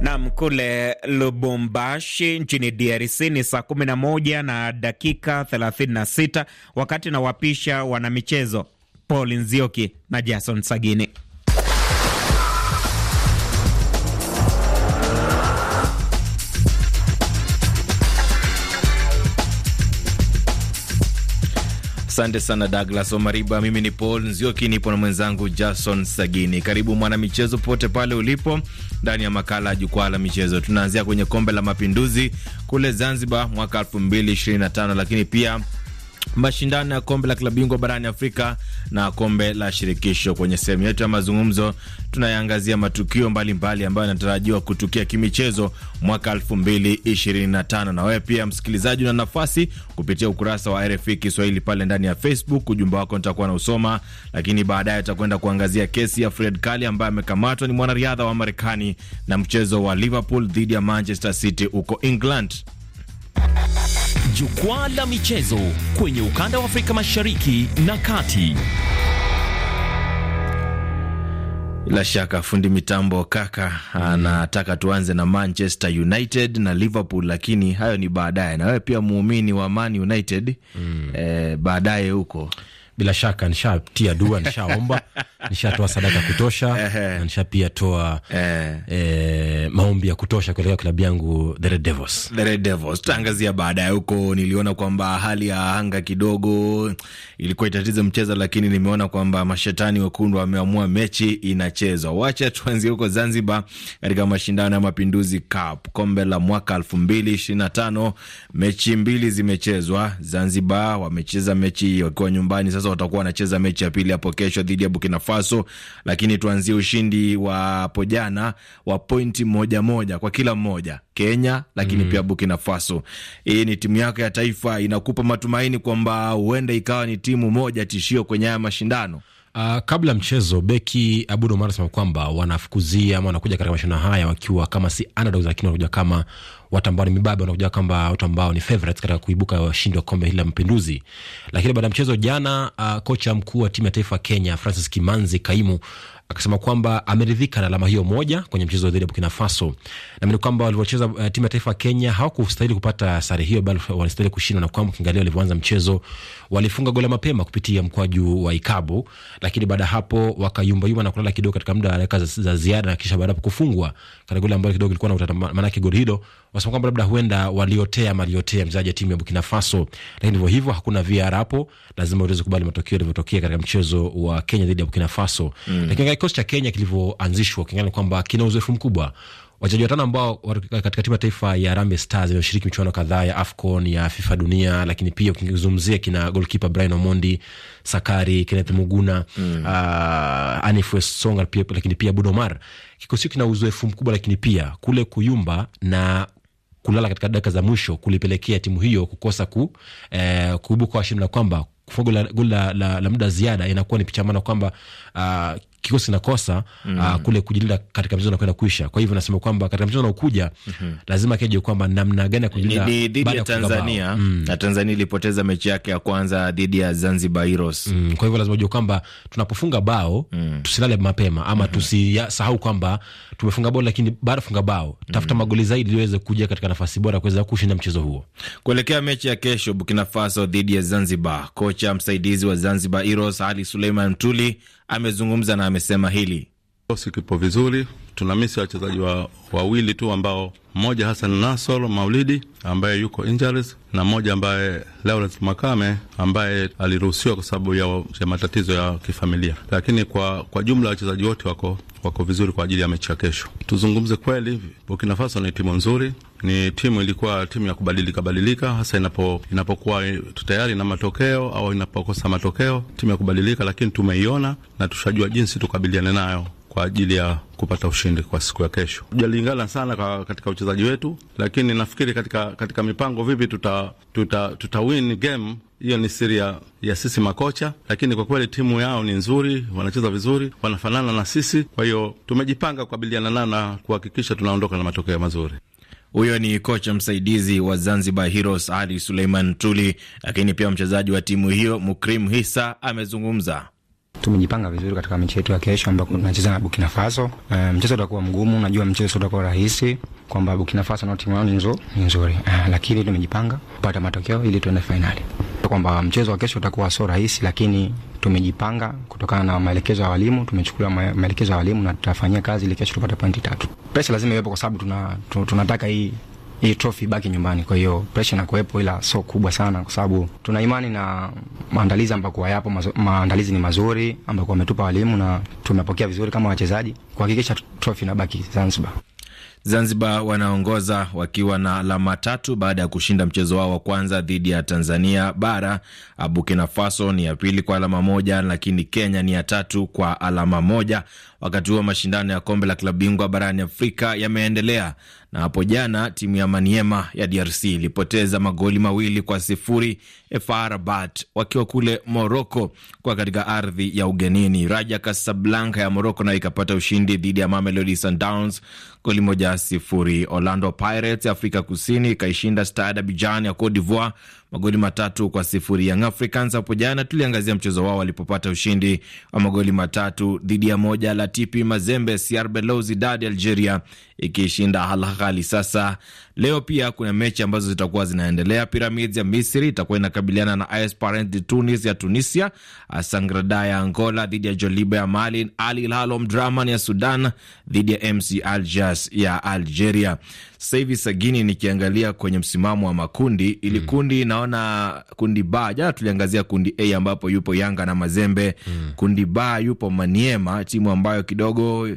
Nam kule Lubumbashi nchini DRC ni saa 11 na dakika 36, wakati na wapisha wanamichezo Paul Nzioki na Jason Sagini. Asante sana Douglas Omariba. Mimi ni Paul Nzioki, nipo na mwenzangu Jason Sagini. Karibu mwanamichezo pote pale ulipo ndani ya makala ya jukwaa la michezo. Tunaanzia kwenye kombe la mapinduzi kule Zanzibar mwaka 2025 lakini pia mashindano ya kombe la klabu bingwa barani Afrika na kombe la shirikisho. Kwenye sehemu yetu ya mazungumzo, tunayaangazia matukio mbalimbali ambayo yanatarajiwa kutukia kimichezo mwaka 2025 na wewe pia msikilizaji, una nafasi kupitia ukurasa wa RFI Kiswahili pale ndani ya Facebook. Ujumbe wako nitakuwa na usoma, lakini baadaye tutakwenda kuangazia kesi ya Fred Kali ambaye amekamatwa, ni mwanariadha wa Marekani, na mchezo wa Liverpool dhidi ya Manchester City huko England jukwaa la michezo kwenye ukanda wa Afrika Mashariki na Kati. Bila shaka fundi mitambo kaka anataka tuanze na Manchester United na Liverpool, lakini hayo ni baadaye. Na wewe pia muumini wa Man United mm. Eh, baadaye huko bila shaka nishatia dua, nishaomba, nishatoa sadaka kutosha, na nishapia toa eh, eh maombi ya kutosha kuelekea klabu yangu the Red Devils. The Red Devils tutaangazia baadaye huko. Niliona kwamba hali ya anga kidogo ilikuwa itatize mchezo, lakini nimeona kwamba mashetani wekundu wameamua mechi inachezwa. Wacha tuanzie huko Zanzibar katika mashindano ya Mapinduzi Cup, kombe la mwaka elfu mbili ishirini na tano. Mechi mbili zimechezwa. Zanzibar wamecheza mechi wakiwa nyumbani, sasa watakuwa wanacheza mechi ya pili hapo kesho dhidi ya Burkina Faso, lakini tuanzie ushindi wa hapo jana wa pointi moja moja moja kwa kila mmoja Kenya, lakini mm. pia Burkina Faso. Hii ni timu yako ya taifa, inakupa matumaini kwamba huenda ikawa ni timu moja tishio kwenye haya mashindano? Uh, kabla mchezo beki Abud Omar asema kwamba wanafukuzia ama wanakuja katika mashindano haya wakiwa kama si underdogs, lakini wanakuja kama watu ambao ni mibabe, wanakuja kama watu ambao ni favorites katika kuibuka washindi wa kombe hili la Mapinduzi. Lakini baada ya mchezo jana, uh, kocha mkuu wa timu ya taifa Kenya Francis Kimanzi Kaimu akasema kwamba ameridhika na alama hiyo moja kwenye mchezo dhidi ya Burkina Faso. Naamini kwamba walivyocheza uh, timu ya taifa ya Kenya hawakustahili kupata sare hiyo, bali walistahili kushinda, na kwamba ukiangalia walivyoanza mchezo walifunga goli mapema kupitia mkwaju wa Ikabu, lakini baada ya hapo wakayumbayumba na kulala kidogo katika muda wa dakika za, ziada, na kisha baada ya kufungwa katika goli ambalo kidogo ilikuwa na utata, maanake goli hilo wasema kwamba labda huenda waliotea maliotea mchezaji wa timu ya Burkina Faso, lakini ndivyo hivyo, hakuna VAR hapo, lazima uweze kubali matokeo yalivyotokea katika mchezo wa Kenya dhidi ya Burkina Faso. Mm. Lakini kikosi cha Kenya kilivyoanzishwa, kingana kwamba kina uzoefu mkubwa wachezaji watano ambao katika timu ya taifa ya Harambee Stars imeshiriki michuano kadhaa ya AFCON ya FIFA dunia, lakini pia ukizungumzia kina goalkeeper Brian Omondi, Sakari, Kenneth Muguna, mm. uh, Anif Westonga, pia lakini pia Budomar. Kikosi kina uzoefu mkubwa, lakini pia kule kuyumba na kulala katika dakika za mwisho kulipelekea timu hiyo kukosa ku, eh, kuibuka washindi na kwamba kufunga goli la, la, la muda ziada inakuwa ni picha maana kwamba uh, kikosi kinakosa mm. uh, kule kujilinda katika mchezo unakwenda kuisha. Kwa hivyo nasema kwamba katika mchezo unaokuja mm -hmm. lazima keje kwamba namna gani ya kujilinda dhidi ya Tanzania mm. na Tanzania ilipoteza mechi yake ya kwanza dhidi ya Zanzibar Heroes mm. kwa hivyo lazima ujue kwamba tunapofunga bao mm. tusilale mapema ama mm -hmm. tusisahau kwamba tumefunga bao, lakini baada funga bao tafuta mm. magoli zaidi iliweze kuja katika nafasi bora kuweza kushinda mchezo huo. Kuelekea mechi ya kesho Burkina Faso dhidi ya Zanzibar, kocha msaidizi wa Zanzibar Heroes Ali Suleiman Tuli amezungumza na amesema hili. Sikipo vizuri tunamisi wachezaji wa wawili tu ambao mmoja Hassan Nasor Maulidi ambaye yuko injuries na mmoja ambaye Lawrence Makame ambaye aliruhusiwa kwa sababu ya, ya matatizo ya kifamilia, lakini kwa, kwa jumla wachezaji wote wako, wako vizuri kwa ajili ya mechi ya kesho. Tuzungumze kweli, Burkina Faso ni timu nzuri, ni timu ilikuwa timu ya kubadilika badilika, hasa inapo, inapokuwa tayari na matokeo au inapokosa matokeo, timu ya kubadilika, lakini tumeiona na tushajua jinsi tukabiliane nayo kwa ajili ya kupata ushindi kwa siku ya kesho. Tujalingana sana kwa katika uchezaji wetu, lakini nafikiri katika, katika mipango vipi tuta, tuta, tuta win game hiyo ni siri ya, ya sisi makocha, lakini kwa kweli timu yao ni nzuri, wanacheza vizuri, wanafanana na sisi. Kwa hiyo tumejipanga kukabiliana nao na kuhakikisha tunaondoka na matokeo mazuri. Huyo ni kocha msaidizi wa Zanzibar Heroes Ali Suleiman Tuli, lakini pia mchezaji wa timu hiyo Mukrim Hisa amezungumza. Tumejipanga vizuri katika mechi yetu ya kesho ambako tunacheza na Burkina Faso. E, mchezo utakuwa mgumu, najua mchezo utakuwa rahisi kwamba Burkina Faso na timu yao ni nzuri, ni nzuri. E, lakini tumejipanga kupata matokeo ili tuende finali. Kwamba mchezo wa kesho utakuwa sio rahisi, lakini tumejipanga kutokana na maelekezo ya walimu, tumechukua maelekezo ya walimu na tutafanyia kazi ili kesho tupate pointi tatu. Pesa lazima iwepo kwa sababu tuna, tunataka hii hii trophy ibaki nyumbani. Kwa hiyo pressure inakuwepo, ila sio kubwa sana, kwa sababu tuna imani na maandalizi ambako yapo. Maandalizi ni mazuri ambako wametupa walimu na tumepokea vizuri kama wachezaji, kuhakikisha trophy inabaki Zanzibar. Zanzibar wanaongoza wakiwa na alama tatu baada ya kushinda mchezo wao wa kwanza dhidi ya Tanzania Bara. Burkina Faso ni ya pili kwa alama moja, lakini Kenya ni ya tatu kwa alama moja. Wakati huo mashindano ya kombe la klabu bingwa barani Afrika yameendelea na hapo jana timu ya Maniema ya DRC ilipoteza magoli mawili kwa sifuri FAR Rabat wakiwa kule Moroko kwa katika ardhi ya ugenini. Raja Casablanca ya Moroko nayo ikapata ushindi dhidi ya Mamelodi Sundowns goli moja sifuri. Orlando Pirates ya Afrika Kusini ikaishinda Stade Abidjan ya Cote d'Ivoire magoli matatu kwa sifuri. Young Africans hapo jana tuliangazia mchezo wao walipopata ushindi wa magoli matatu dhidi ya moja la TP Mazembe, CR Belouizdad Algeria ikishinda Al Ahly. Sasa leo pia kuna mechi ambazo zitakuwa zinaendelea. Pyramids ya Misri itakuwa inakabiliana na AS Parent de Tunis ya Tunisia, Sangrada ya Angola dhidi ya Joliba ya Mali, Al Hilal Omdurman ya Sudan dhidi ya MC Algiers ya Algeria. Sasa hivi sagini, nikiangalia kwenye msimamo wa makundi ili mm. kundi naona kundi ba, jana tuliangazia kundi A ambapo yupo Yanga na Mazembe. Mm. Kundi ba yupo Maniema, timu ambayo kidogo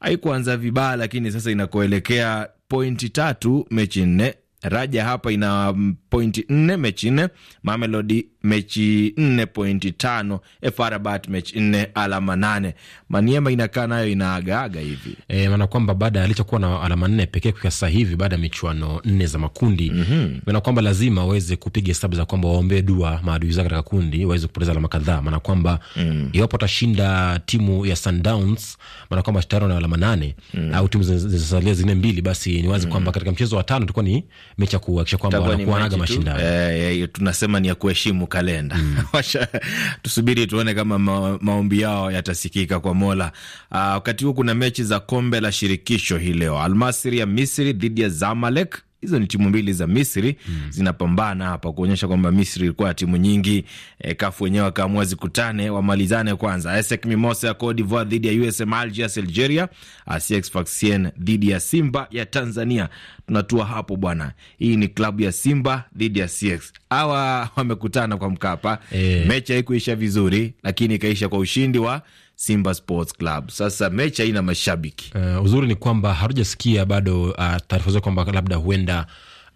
haikuanza vibaya, lakini sasa inakoelekea pointi tatu mechi nne. Raja hapa ina mm, pointi nne mechi nne. Mamelodi mechi nne pointi tano FAR Rabat mechi 4 alama 8. Maniema inakaa nayo inaagaaga hivi e, maana kwamba baada alichokuwa na alama 4 pekee kwa sasa hivi baada ya michuano 4 za makundi mm -hmm. maana kwamba lazima waweze kupiga hesabu za kwamba waombe dua maadui zake katika kundi waweze kupoteza alama kadhaa, maana kwamba mm. iwapo watashinda timu ya Sundowns, maana kwamba tayari na alama 8 mm. au timu zinazosalia zingine mbili, basi ni wazi mm. kwamba katika mchezo wa tano itakuwa ni mechi ya kuhakikisha kwamba wanakuwa naga mashindano e, e, tunasema ni ya kuheshimu kalenda mm. Tusubiri tuone kama ma maombi yao yatasikika kwa Mola. Ah, wakati huu kuna mechi za kombe la shirikisho hii leo, Almasiri ya Misri dhidi ya Zamalek hizo ni timu mbili za Misri mm. zinapambana hapa kuonyesha kwamba Misri ilikuwa na timu nyingi e, kafu wenyewe wakaamua zikutane wamalizane kwanza. ASEC Mimosa ya Cote d'Ivoire dhidi ya USM Alger Algeria, ASEC Sfaxien dhidi ya Simba ya Tanzania. Tunatua hapo bwana, hii ni klabu ya Simba dhidi ya CX. Hawa wamekutana kwa Mkapa e. mechi haikuisha vizuri, lakini ikaisha kwa ushindi wa Simba Sports Club. Sasa mechi haina mashabiki. Uh, uzuri ni kwamba hatujasikia bado uh, taarifa zao kwamba labda huenda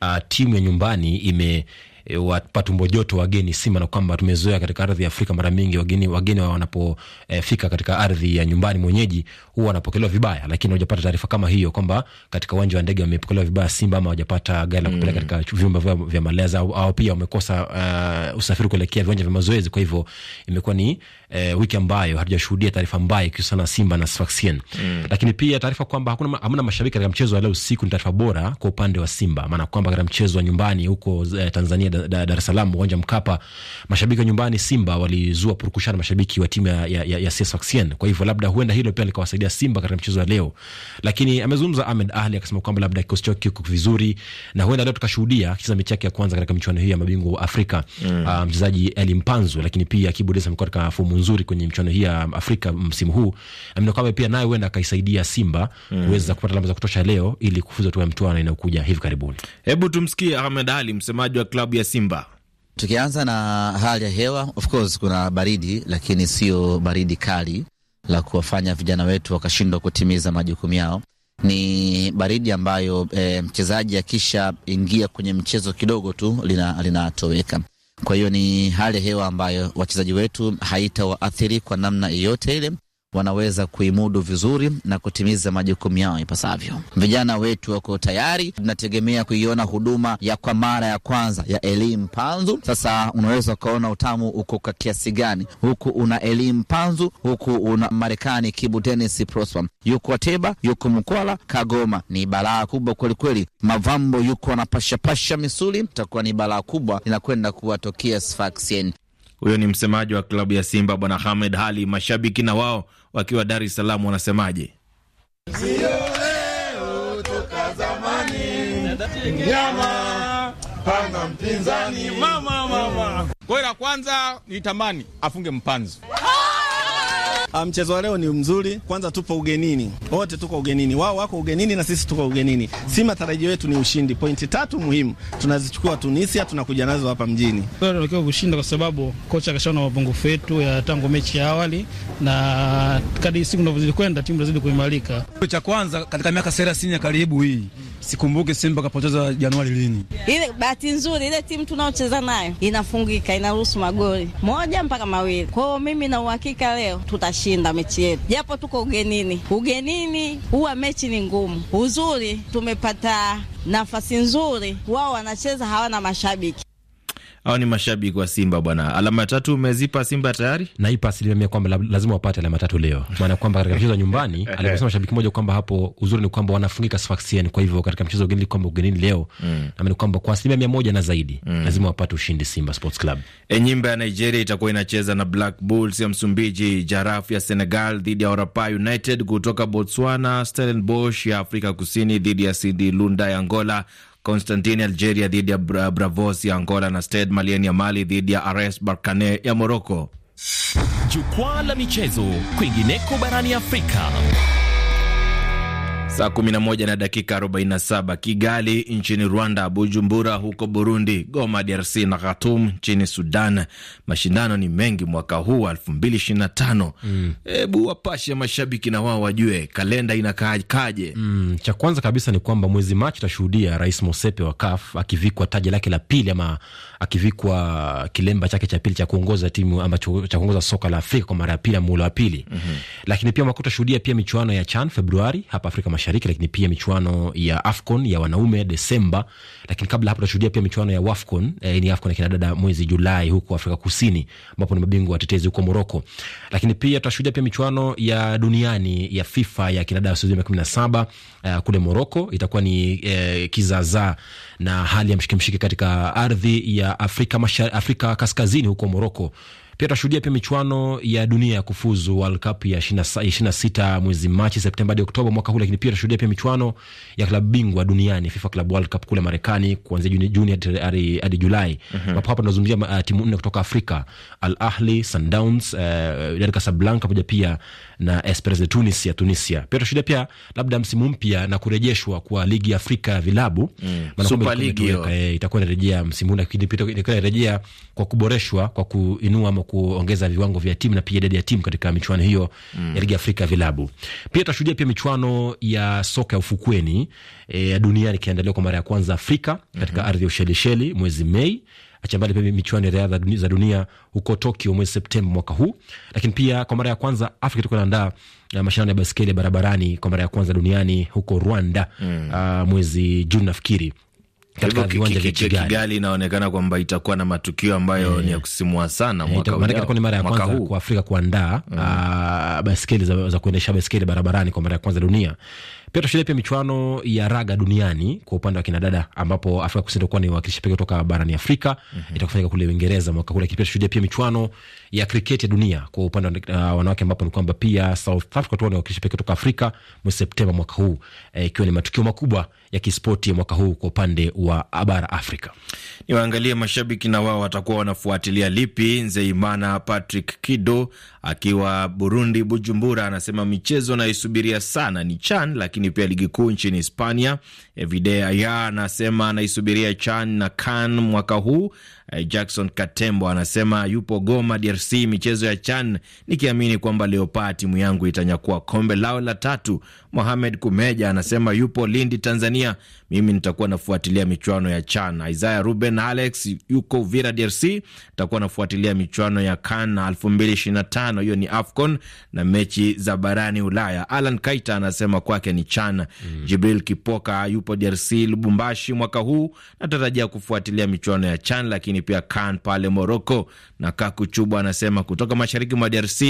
uh, timu ya nyumbani ime e, eh, wapa tumbo joto wageni Simba, na kwamba tumezoea katika ardhi ya Afrika mara mingi wageni, wageni wanapofika e, katika ardhi ya nyumbani mwenyeji huwa wanapokelewa vibaya, lakini hawajapata taarifa kama hiyo kwamba katika uwanja wa ndege wamepokelewa vibaya Simba, ama hawajapata gari la kupeleka mm. katika vyumba vya, vya malezi au, au pia wamekosa uh, usafiri kuelekea viwanja vya mazoezi. Kwa hivyo imekuwa ni e, wiki ambayo hatujashuhudia taarifa mbaya ikihusiana Simba na Sfaxien mm. lakini pia taarifa kwamba hakuna hamna mashabiki katika mchezo wa leo usiku ni taarifa bora kwa upande wa Simba, maana kwamba katika mchezo wa nyumbani huko e, Tanzania Dar es Salaam, uwanja Mkapa, mashabiki wa nyumbani Simba walizua purukushana, mashabiki wa timu ya, ya, ya, ya CS Sfaxien. Kwa hivyo labda huenda hilo pia likawasaidia Simba katika mchezo wa leo, lakini amezungumza Ahmed Ahli akasema kwamba labda kikosi chao kiko vizuri na huenda leo tukashuhudia akicheza mechi yake ya kwanza katika michuano hii ya mabingwa wa Afrika mm. Uh, mchezaji Eli Mpanzu, lakini pia Kibudesa amekuwa katika fomu nzuri kwenye michuano hii ya Afrika msimu huu, amna kwamba pia naye huenda akaisaidia Simba mm. kuweza kupata alama za kutosha leo ili kufuza tu mtuana inayokuja hivi karibuni. Hebu tumsikie Ahmed Ahli, msemaji wa klabu ya ya Simba? Tukianza na hali ya hewa, of course kuna baridi, lakini sio baridi kali la kuwafanya vijana wetu wakashindwa kutimiza majukumu yao. Ni baridi ambayo e, mchezaji akishaingia kwenye mchezo kidogo tu linatoweka, lina. Kwa hiyo ni hali ya hewa ambayo wachezaji wetu haitawaathiri kwa namna yoyote ile, wanaweza kuimudu vizuri na kutimiza majukumu yao ipasavyo. Vijana wetu wako tayari, tunategemea kuiona huduma ya kwa mara ya kwanza ya elimu panzu. Sasa unaweza ukaona utamu uko kwa kiasi gani, huku una elimu panzu, huku una Marekani Kibu Denis Prosper yuko Ateba, yuko Mkwala, Kagoma. Ni balaa kubwa kwelikweli. Mavambo yuko anapashapasha misuli, itakuwa ni balaa kubwa inakwenda kuwatokea Sfaxien. Huyo ni msemaji wa klabu ya Simba Bwana Hamed Hali. Mashabiki na wao wakiwa Dar es Salaam wanasemaje? Sio leo toka zamani, nyama panga mpinzani mama mama. Kwa la kwanza nitamani afunge mpanzo Ah, mchezo wa leo ni mzuri, kwanza tupo ugenini, wote tuko ugenini, wao wako ugenini na sisi tuko ugenini. Si matarajio yetu ni ushindi. Pointi tatu muhimu tunazichukua Tunisia, tunakuja nazo hapa mjini. Tunatakiwa kushinda kwa sababu kocha akashaona mapungufu yetu ya tangu mechi ya awali, na kadri siku zinavyozidi kwenda timu inazidi kuimarika. Cha kwanza katika miaka thelathini ya karibu hii sikumbuke Simba kapoteza Januari lini. Ile bahati nzuri, ile timu tunaocheza nayo inafungika, inaruhusu magoli moja mpaka mawili. Kwa hiyo mimi na uhakika leo tutashinda mechi yetu, japo tuko ugenini. Ugenini huwa mechi ni ngumu. Uzuri tumepata nafasi nzuri, wao wanacheza hawana mashabiki au ni mashabiki wa Simba bwana? Alama tatu umezipa Simba tayari, naipa asilimia mia kwamba lazima wapate alama tatu leo, maana kwamba katika mchezo wa nyumbani alivyosema shabiki moja kwamba hapo uzuri ni kwamba wanafungika Sfaxien. Kwa hivyo katika mchezo ugenini kwamba ugenini leo mm. naamini kwamba kwa asilimia mia moja na zaidi mm. lazima wapate ushindi Simba Sports Club. Enyimba ya Nigeria itakuwa inacheza na Black Bulls ya Msumbiji, Jarafu ya Senegal dhidi ya Orapa United kutoka Botswana, Stellenbosch ya Afrika Kusini dhidi ya Sidi Lunda ya Angola, Constantine Algeria dhidi ya Bra Bravos ya Angola na Stade Malien ya Mali dhidi ya RS barkane ya Moroko. Jukwaa la michezo kwingineko barani Afrika. Saa 11 na dakika 47 Kigali nchini Rwanda, Bujumbura huko Burundi, Goma DRC na Khartoum nchini Sudan. Mashindano ni mengi mwaka huu 2025. Mm. ebu wapashe mashabiki na wao wajue kalenda inakaje. Mm. Cha kwanza kabisa ni kwamba mwezi Machi tashuhudia Rais Mosepe wa CAF akivikwa taji lake la pili ama akivikwa kilemba chake cha pili cha kuongoza timu ama cha kuongoza soka la Afrika kwa mara ya pili, muhula wa pili. mm -hmm. Lakini pia mwaka utashuhudia pia michuano ya CHAN Februari hapa Afrika Mashariki, lakini pia michuano ya AFCON ya wanaume Desemba, lakini kabla hapo utashuhudia pia michuano ya WAFCON, eh, ni AFCON ya kinadada mwezi Julai huko Afrika Kusini, ambapo ni mabingwa watetezi huko Moroko. Lakini pia tutashuhudia pia michuano ya duniani ya FIFA ya kinadada ya miaka kumi na saba eh, kule Moroko itakuwa ni eh, kizazaa na hali ya mshikemshike katika ardhi ya ya Afrika, Afrika kaskazini huko Moroko pia tutashuhudia pia michuano ya dunia ya kufuzu World Cup ya sita mwezi Machi, Septemba hadi Oktoba mwaka huu, lakini pia tutashuhudia pia michuano ya klabu bingwa duniani FIFA Club World Cup kule Marekani kuanzia Juni, Juni hadi Julai mhm. ambapo hapa tunazungumzia uh, timu nne kutoka Afrika: Al Ahli, Sundowns, uh, Wydad Casablanca pamoja pia na Esperance de Tunis ya Tunisia. Pia tutashuhudia pia labda msimu mpya na kurejeshwa kwa ligi ya Afrika ya vilabu mm. Super League eh, itakuwa inarejea msimu huu, lakini pia inarejea kwa kuboreshwa kwa kuinua kuongeza viwango vya timu na pia idadi ya timu katika michuano hiyo mm. ya ligi Afrika vilabu. Pia tutashuhudia pia michuano ya soka ya ufukweni eh, ya e, duniani ikiandaliwa kwa mara ya kwanza Afrika katika mm -hmm. ardhi ya Ushelisheli mwezi Mei achambali pia michuano ya riadha za dunia huko Tokyo mwezi Septemba mwaka huu. Lakini pia kwa mara ya kwanza Afrika tuko naandaa eh, mashindano ya baskeli ya barabarani kwa mara ya kwanza duniani huko Rwanda mm. uh, mwezi Juni nafikiri viwanja vya Kigali. Kigali inaonekana kwamba itakuwa na matukio ambayo eh. ni ya kusimua sana eh, mwaka huu. ni mara ya kwanza kwa Afrika kuandaa mm. ah, baskeli za kuendesha baskeli barabarani kwa mara ya kwanza dunia pia tushiria pia michuano ya raga duniani kwa upande wa kinadada, ambapo Afrika Kusini itakuwa ni wakilishi pekee kutoka barani Afrika mm -hmm. itakufanyika kule Uingereza mwaka lakini Pia tushuhudia pia michuano ya kriketi ya dunia kwa upande wa uh, wanawake, ambapo ni kwamba pia South Africa tuwa ni wakilishi pekee kutoka Afrika mwezi Septemba mwaka huu, eh, ikiwa e, ni matukio makubwa ya kispoti ya mwaka huu kwa upande wa bara Afrika. Niwaangalie mashabiki na wao watakuwa wanafuatilia lipi. Nzeimana Patrick Kido akiwa Burundi, Bujumbura, anasema michezo naisubiria sana ni CHAN lakini lakini pia ligi kuu nchini Hispania. Evide Aya anasema anaisubiria Chan na Kan mwaka huu Eh, Jackson Katembo anasema yupo Goma, DRC, michezo ya CHAN, nikiamini kwamba Leopard timu yangu itanyakua kombe lao la tatu. Mohamed Kumeja anasema yupo Lindi, Tanzania, mimi nitakuwa nafuatilia michuano ya CHAN. Isaya Ruben Alex yuko Uvira, DRC, nitakuwa nafuatilia michuano ya CHAN 2025 hiyo ni AFCON na mechi za barani Ulaya. Alan Kaita anasema kwake ni CHAN. Mm. Jibril Kipoka yupo DRC, Lubumbashi, mwaka huu natarajia kufuatilia michuano ya CHAN lakini lakini pia Kan pale Moroko. Na kakuchubwa anasema kutoka mashariki mwa DRC,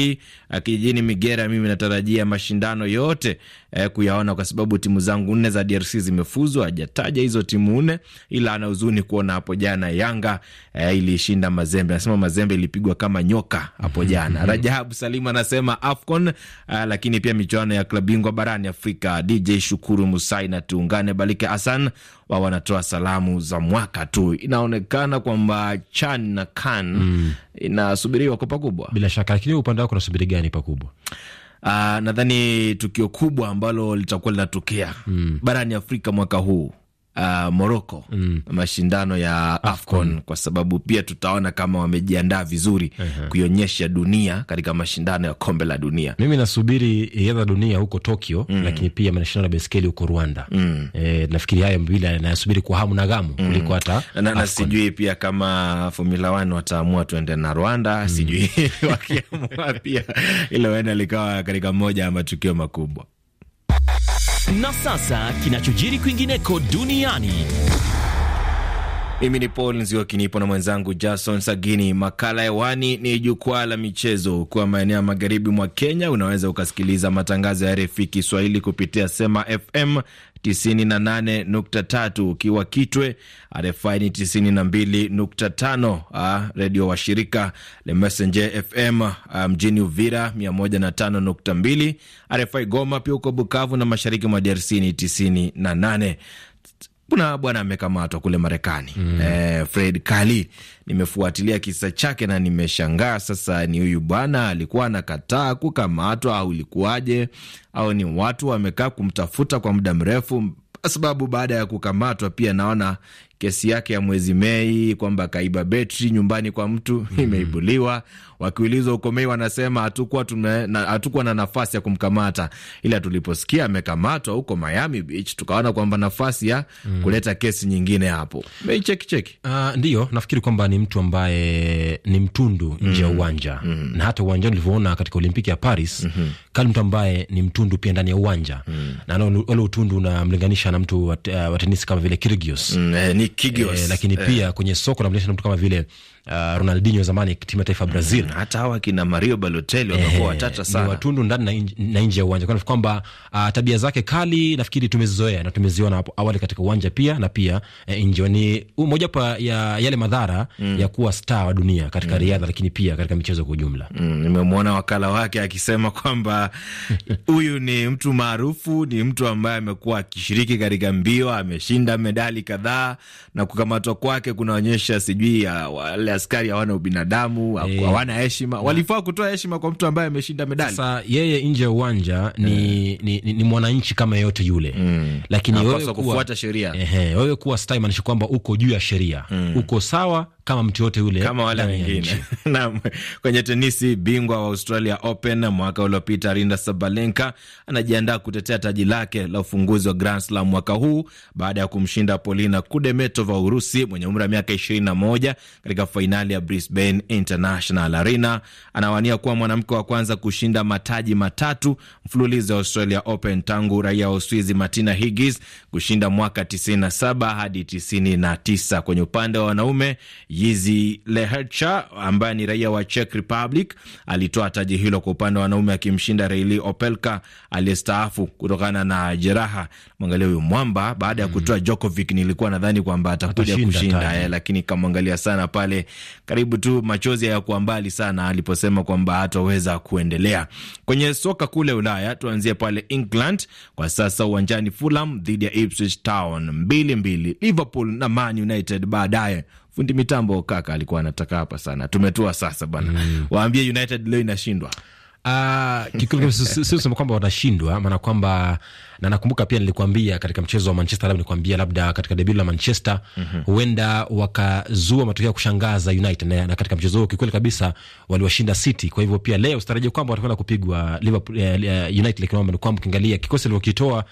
kijijini Migera, mimi natarajia mashindano yote eh, kuyaona kwa sababu timu zangu nne za DRC zimefuzwa. Hajataja hizo timu nne, ila ana huzuni kuona hapo jana Yanga eh, ilishinda Mazembe. Anasema Mazembe ilipigwa kama nyoka hapo jana. Rajabu Salim anasema AFCON eh, lakini pia michuano ya klabu bingwa barani Afrika. DJ Shukuru Musai na tuungane Balike Hasan wa wanatoa salamu za mwaka tu. Inaonekana kwamba CHAN na KAN mm, inasubiriwa kwa pakubwa bila shaka, lakini upande wako unasubiri gani pakubwa? Ah, nadhani tukio kubwa ambalo litakuwa linatokea mm. barani Afrika mwaka huu uh, Morocco mm. mashindano ya Afcon, Afcon kwa sababu pia tutaona kama wamejiandaa vizuri uh -huh. kuionyesha dunia katika mashindano ya kombe la dunia. Mimi nasubiri riadha dunia huko Tokyo mm. lakini pia mashindano ya baiskeli huko Rwanda mm. E, nafikiri hayo mbili nayasubiri kwa hamu na gamu mm. kuliko hata na, na sijui pia kama Formula 1 wataamua tuende na Rwanda mm. sijui wakiamua pia ilo enda likawa katika moja ya matukio makubwa. Na sasa kinachojiri kwingineko duniani. Mimi ni Paul Nzioki, Kinipo na mwenzangu Jason Sagini. Makala hewani ni jukwaa la michezo. Kwa maeneo ya magharibi mwa Kenya unaweza ukasikiliza matangazo ya RFI Kiswahili kupitia Sema FM, 98.3 ukiwa Kitwe, RFI ni 92.5, ah, redio wa shirika Le Messenger FM ah, mjini Uvira 105.2, RFI Goma, pia uko Bukavu na mashariki mwa DRC ni 98 kuna bwana amekamatwa kule Marekani mm. Eh, Fred Kali, nimefuatilia kisa chake na nimeshangaa. Sasa ni huyu bwana alikuwa anakataa kukamatwa au ilikuwaje? Au ni watu wamekaa kumtafuta kwa muda mrefu? Kwa sababu baada ya kukamatwa pia naona kesi yake ya mwezi Mei kwamba kaiba betri nyumbani kwa mtu mm -hmm. imeibuliwa. Wakiulizwa uko Mei, wanasema hatukuwa na, na nafasi ya kumkamata, ila tuliposikia amekamatwa huko Miami Beach tukaona kwamba nafasi ya hmm. kuleta kesi nyingine hapo. Mei cheki cheki. Uh, ah, ndiyo nafikiri kwamba ni mtu ambaye ni mtundu nje ya hmm. uwanja mm -hmm. na hata uwanjani ulivyoona katika Olimpiki ya Paris mm -hmm. kali mtu ambaye ni mtundu pia ndani ya uwanja mm na ule utundu unamlinganisha na mtu wa uh, tenisi kama vile Kyrgios. Mm, eh, Eh, lakini eh. pia kwenye soko la mtu kama vile uh, Ronaldinho zamani timu ya taifa Brazil. Mm, hata hawa kina Mario Balotelli wamekuwa watata sana, watundu ndani na nje ya uwanja, kwamba uh, tabia zake kali nafikiri tumezizoea na tumeziona hapo awali katika uwanja pia na pia eh, nje. Ni moja pa ya yale madhara mm. ya kuwa star wa dunia katika mm. riadha, lakini pia katika michezo kwa ujumla. Mm, nimemwona wakala wake akisema kwamba huyu ni mtu maarufu, ni mtu ambaye amekuwa akishiriki katika mbio, ameshinda medali kadhaa na kukamatwa kwake kunaonyesha sijui ya wale askari hawana ubinadamu, eh. hawana heshima. Walifaa kutoa heshima kwa mtu ambaye ameshinda medali. Sasa yeye nje ya uwanja ni, yeah. ni, ni, ni mwananchi kama yote yule mm. lakini wewe kufuata sheria, ehe, wewe kuwa stai maanisha kwamba uko juu ya sheria mm. uko sawa kama mtu yote yule kama wale wengine. Naam, kwenye tenisi, bingwa wa Australia Open mwaka uliopita Rinda Sabalenka anajiandaa kutetea taji lake la ufunguzi wa Grand Slam mwaka huu baada ya kumshinda Polina Kudemetova Urusi mwenye umri wa miaka 21 katika fainali ya Brisbane International. Arena anawania kuwa mwanamke wa kwanza kushinda mataji matatu mfululizo ya Australia Open tangu raia wa Uswizi Martina Hingis kushinda mwaka 97 hadi 99. Kwenye upande wa wanaume Yizi Lehercha ambaye ni raia wa Czech Republic alitoa taji hilo kwa upande wa wanaume akimshinda Reili Opelka aliyestaafu kutokana na jeraha. Mwangalia huyu mwamba baada ya mm. kutoa Djokovic, nilikuwa nadhani kwamba atakuja kushinda eh, lakini kamwangalia sana pale karibu tu machozi hayakuwa mbali sana aliposema kwamba hataweza kuendelea. Kwenye soka kule Ulaya tuanzie pale England kwa sasa uwanjani Fulham dhidi ya Ipswich Town mbili mbili, Liverpool na Man United baadaye fundi mitambo kaka alikuwa anataka hapa sana, tumetua sasa bana mm. Waambie United leo inashindwa. Uh, kikweli kwamba wanashindwa, maana kwamba na nakumbuka pia nilikwambia katika mchezo wa Manchester labda nikwambia labda katika debut la Manchester mhm. huenda mm -hmm. wakazua matokeo ya kushangaza United na, na katika mchezo huo kikweli kabisa waliwashinda City. Kwa hivyo pia leo usitarajie kwamba watakwenda kupigwa Liverpool eh, eh United, lakini kwamba kwamba ukiangalia kikosi alivyokitoa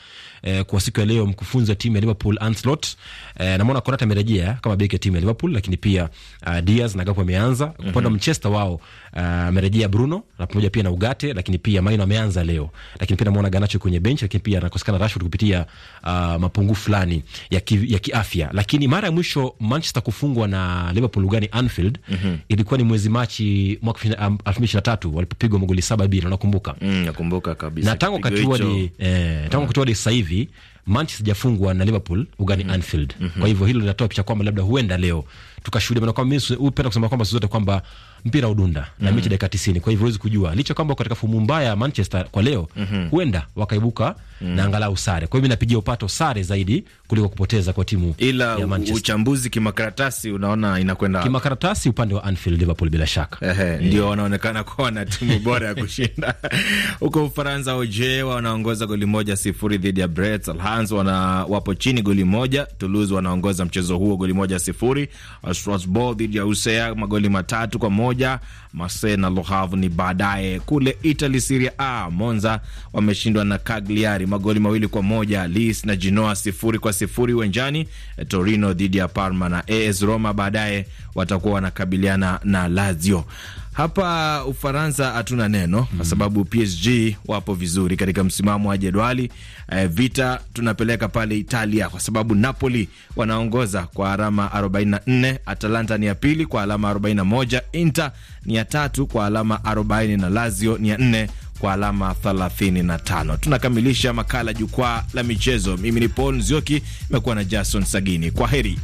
eh, kwa siku ya leo mkufunzi wa timu ya Liverpool Ancelotti eh, na maana Konate amerejea kama beki timu ya Liverpool, lakini pia uh, Diaz na Gakpo ameanza mm -hmm. wa mhm. Manchester wao eh, amerejea uh, Bruno na pamoja pia na Ugate, lakini pia Maino ameanza leo, lakini pia namuona Ganacho kwenye bench, lakini pia na anakosekana Rashford kupitia uh, mapungufu fulani ya, ki, ya kiafya. Lakini mara ya mwisho Manchester kufungwa na Liverpool ugani Anfield mm -hmm. ilikuwa ni mwezi Machi mwaka elfu mbili ishirini na tatu walipopigwa magoli saba bila, unakumbuka? Mm, nakumbuka kabisa. Na tangu wakati wadi eh, tangu wakati wadi sasa hivi Manchester jafungwa na Liverpool ugani mm -hmm. Anfield. Mm -hmm. Kwa hivyo hilo linatoa picha kwamba labda huenda leo tukashuhudia, maana kwamba mimi upenda kusema kwamba siku zote kwamba mpira udunda mm -hmm. na mhm. mechi dakika 90, kwa hivyo huwezi kujua, licha kwamba katika fumu mbaya ya Manchester kwa leo mm -hmm. huenda wakaibuka mm -hmm. na angalau sare. Kwa hivyo napigia upato sare zaidi kuliko kupoteza kwa timu ila ya Manchester. Uchambuzi kimakaratasi unaona inakwenda kimakaratasi upande wa Anfield Liverpool bila shaka ehe, yeah. Ndio wanaonekana kuwa na timu bora ya kushinda huko Ufaransa. Oje wanaongoza goli moja sifuri dhidi ya Brest. Hans wana wapo chini goli moja. Toulouse wanaongoza mchezo huo goli moja sifuri. Strasbourg dhidi ya Usea magoli matatu kwa moja. Marseille na Le Havre ni baadaye. Kule Italy Serie A Monza wameshindwa na Cagliari magoli mawili kwa moja. Lis na Genoa sifuri kwa sifuri sifuri uwanjani. Eh, Torino dhidi ya Parma na AS Roma baadaye watakuwa wanakabiliana na Lazio. Hapa Ufaransa hatuna neno kwa mhm. sababu PSG wapo vizuri katika msimamo wa jedwali. E, vita tunapeleka pale Italia kwa sababu Napoli wanaongoza kwa alama 44, Atalanta ni ya pili kwa alama 41, Inter ni ya tatu kwa alama 40 na Lazio ni ya nne kwa alama 35. Tunakamilisha makala jukwaa la michezo. Mimi ni Paul Nzioki, imekuwa na Jason Sagini. Kwa heri.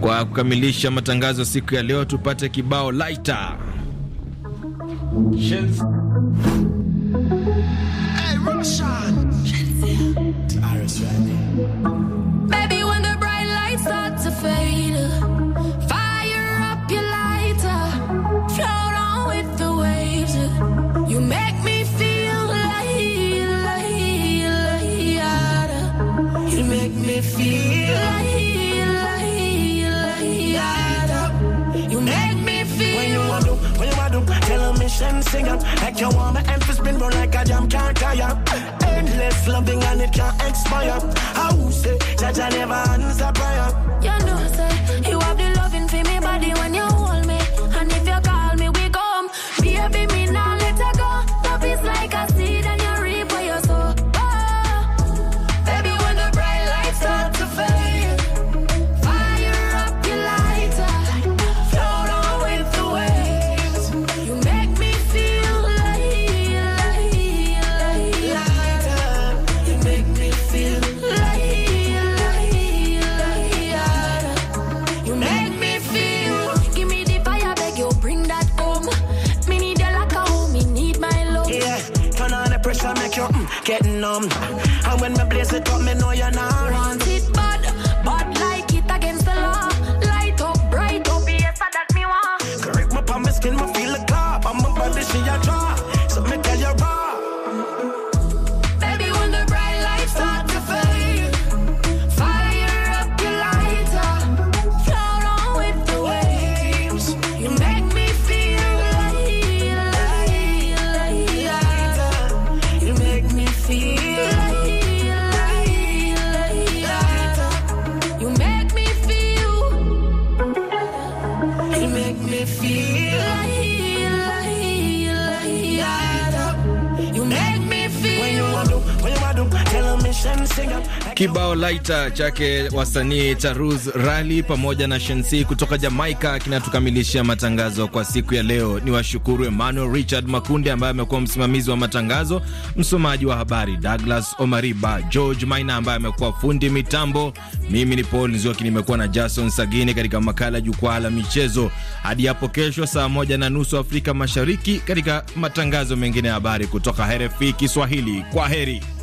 Kwa kukamilisha matangazo siku ya leo, tupate kibao laita Shins. like you want my emphasis spin round like a jam car tire. Endless loving and it can't expire. How say that I never answer prayer? You know, say you have the loving for me, body when you make you mm, get numb. And when me blaze it up, me know you're not want it bad, bad like it against the law. Light up, bright up, yes, that me want. Correct my palm, my skin, my feel a like cop. I'm a body, she a drop. Kibao laita chake wasanii Tarus Rali pamoja na Shensi kutoka Jamaika kinatukamilishia matangazo kwa siku ya leo. Ni washukuru Emmanuel Richard Makunde ambaye amekuwa msimamizi wa matangazo, msomaji wa habari Douglas Omariba, George Maina ambaye amekuwa fundi mitambo. Mimi ni Paul Nzioki, nimekuwa na Jason Sagini katika makala Jukwaa la Michezo. Hadi hapo kesho saa moja na nusu Afrika Mashariki, katika matangazo mengine ya habari kutoka RFI Kiswahili. Kwa heri.